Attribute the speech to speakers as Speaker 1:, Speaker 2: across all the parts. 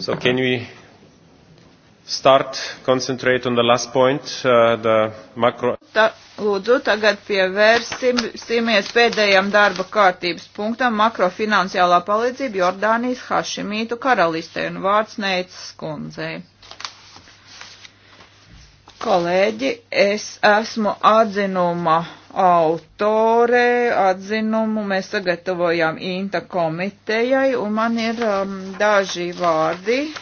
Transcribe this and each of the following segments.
Speaker 1: So can we start concentrate on the last point, uh, the macro... Ta, lūdzu, tagad pievērsimies pēdējam darba kārtības punktam makrofinansiālā palīdzība Jordānijas Hašimītu karalistē un vārds Neits skundzei. Kolēģi, es esmu atzinuma autore, atzinumu mēs sagatavojām Inta komitejai, un man ir um, daži vārdi, uh,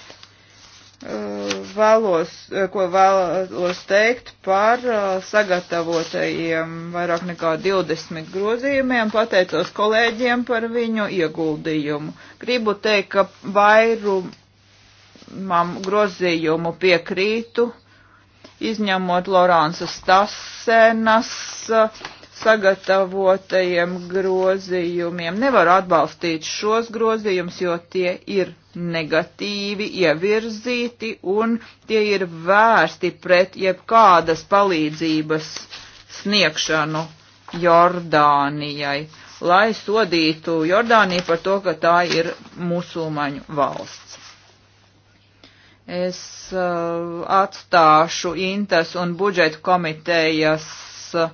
Speaker 1: vēlos, uh, ko vēlos teikt par uh, sagatavotajiem vairāk nekā 20 grozījumiem, pateicos kolēģiem par viņu ieguldījumu. Gribu teikt, ka vairumam grozījumu piekrītu izņemot Lorānsas Stasenas sagatavotajiem grozījumiem. Nevar atbalstīt šos grozījumus, jo tie ir negatīvi ievirzīti un tie ir vērsti pret jebkādas palīdzības sniegšanu Jordānijai, lai sodītu Jordāniju par to, ka tā ir musulmaņu valsts. Es uh, atstāšu Intas un budžetu komitejas uh,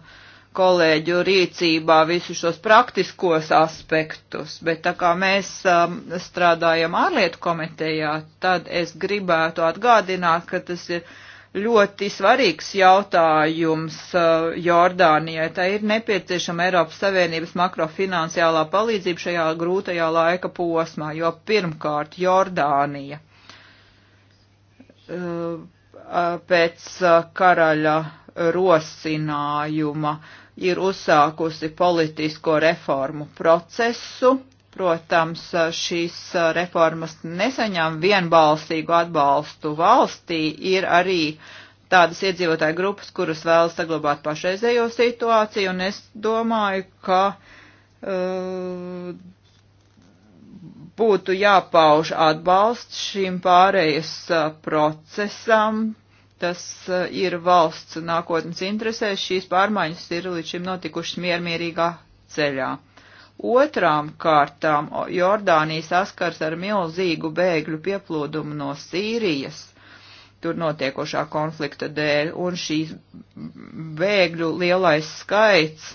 Speaker 1: kolēģu rīcībā visus šos praktiskos aspektus, bet tā kā mēs um, strādājam ārlietu komitejā, tad es gribētu atgādināt, ka tas ir ļoti svarīgs jautājums uh, Jordānijai. Tā ir nepieciešama Eiropas Savienības makrofinansiālā palīdzība šajā grūtajā laika posmā, jo pirmkārt Jordānija Uh, pēc uh, karaļa rosinājuma ir uzsākusi politisko reformu procesu. Protams, uh, šīs reformas nesaņem vienbalstīgu atbalstu valstī, ir arī tādas iedzīvotāju grupas, kuras vēlas saglabāt pašreizējo situāciju, un es domāju, ka uh, būtu jāpauž atbalsts šim pārējas procesam. Tas ir valsts nākotnes interesēs. Šīs pārmaiņas ir līdz šim notikušas miermierīgā ceļā. Otrām kārtām Jordānija saskars ar milzīgu bēgļu pieplūdumu no Sīrijas tur notiekošā konflikta dēļ, un šīs bēgļu lielais skaits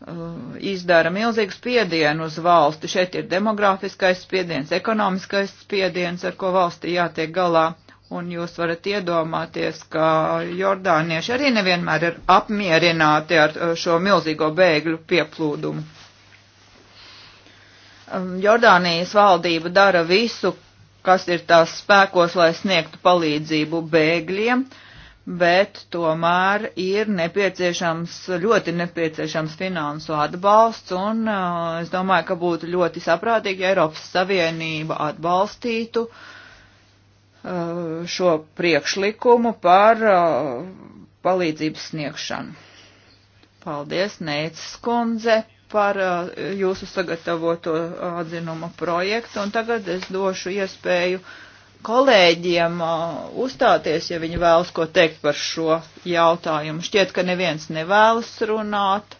Speaker 1: Uh, izdara milzīgu spiedienu uz valsti. Šeit ir demografiskais spiediens, ekonomiskais spiediens, ar ko valsti jātiek galā. Un jūs varat iedomāties, ka jordānieši arī nevienmēr ir apmierināti ar uh, šo milzīgo bēgļu pieplūdumu. Um, Jordānijas valdība dara visu, kas ir tās spēkos, lai sniegtu palīdzību bēgļiem. Uh, bet tomēr ir nepieciešams, ļoti nepieciešams finansu atbalsts, un uh, es domāju, ka būtu ļoti saprātīgi, ja Eiropas Savienība atbalstītu uh, šo priekšlikumu par uh, palīdzības sniegšanu. Paldies, Neicis Kundze, par jūsu sagatavoto atzinuma projektu, un tagad es došu iespēju kolēģiem uh, uzstāties, ja viņi vēlas ko teikt par šo jautājumu. Šķiet, ka neviens nevēlas runāt.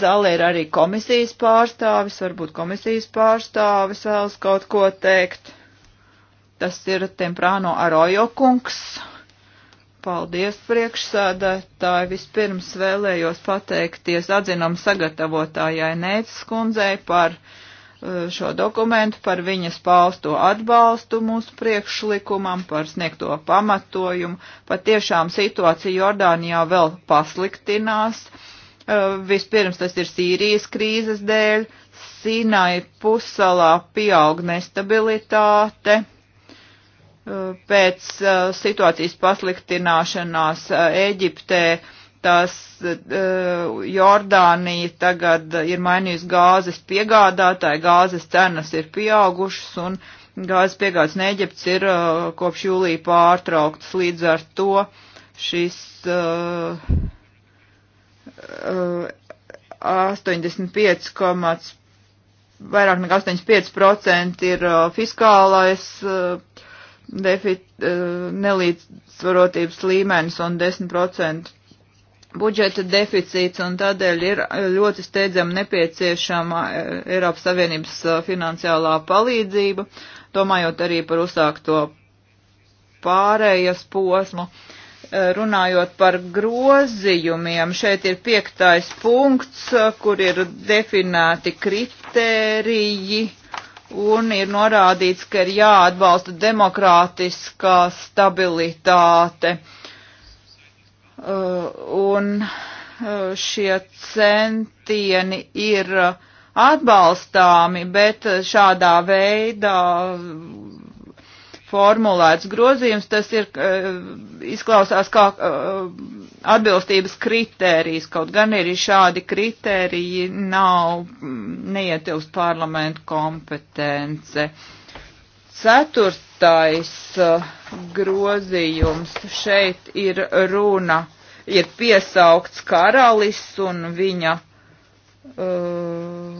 Speaker 1: Zālē ir arī komisijas pārstāvis, varbūt komisijas pārstāvis vēlas kaut ko teikt. Tas ir Temprāno Arojo kungs. Paldies priekšsēdētāji. Vispirms vēlējos pateikties atzinam sagatavotājai Nēcas kundzei par uh, Eh, šo dokumentu par viņas pausto atbalstu mūsu priekšlikumam, par sniegto pamatojumu. Pat tiešām situācija Jordānijā vēl pasliktinās. Eh, vispirms tas ir Sīrijas krīzes dēļ, Sinai pusalā pieaug nestabilitāte. Eh, pēc situācijas pasliktināšanās Eģiptē uh, tas e, Jordānija tagad ir mainījusi gāzes piegādātāju, gāzes cenas ir pieaugušas un gāzes piegādes Neģepts ir e, kopš jūlija pārtrauktas. Līdz ar to šis uh, uh, 85, vairāk nekā 85% ir e, fiskālais uh, defit, nelīdzsvarotības līmenis un 10% budžeta deficīts un tādēļ ir e, ļoti steidzami nepieciešama e, Eiropas Savienības e, finansiālā palīdzība, domājot arī par uzsākto pārējas posmu. Runājot par grozījumiem, šeit ir piektais punkts, kur ir definēti kritēriji un ir norādīts, ka ir jāatbalsta demokrātiskā stabilitāte. Uh, Uh, un uh, šie centieni ir atbalstāmi, bet šādā veidā formulēts grozījums, tas ir, uh, izklausās kā atbilstības kritērijas, kaut gan arī šādi kritēriji nav, mm, neietilst parlamentu kompetence. Ceturt, Eh, grozījums šeit ir runa, ir piesaukts karalis un viņa uh,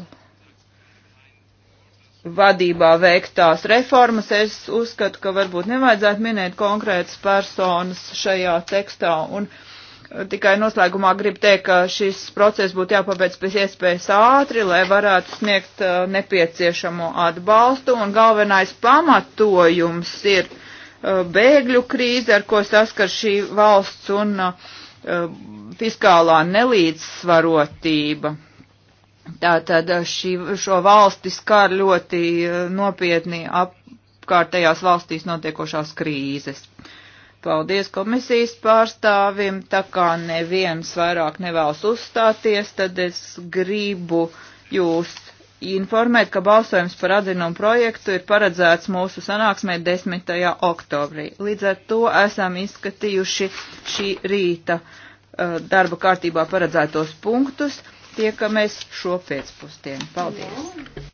Speaker 1: vadībā veiktās reformas. Es uzskatu, ka varbūt nevajadzētu minēt konkrētas personas šajā tekstā un uh, Tikai noslēgumā gribu teikt, ka šis process būtu jāpabeidz pēc iespējas ātri, lai varētu sniegt uh, nepieciešamo atbalstu. Un galvenais pamatojums ir uh, bēgļu krīze, ar ko saskar šī valsts un uh, uh fiskālā nelīdzsvarotība. Tātad uh, šī, šo valsti skar ļoti uh, nopietni apkārtējās valstīs notiekošās krīzes. Uh, Paldies komisijas pārstāvim, tā kā neviens vairāk nevēlas uzstāties, tad es gribu jūs informēt, ka balsojums par atzinumu projektu ir paredzēts mūsu sanāksmē 10. oktobrī. Līdz ar to esam izskatījuši šī rīta uh, darba kārtībā paredzētos punktus. Tiekamies šo pēcpusdienu. Paldies! Jā.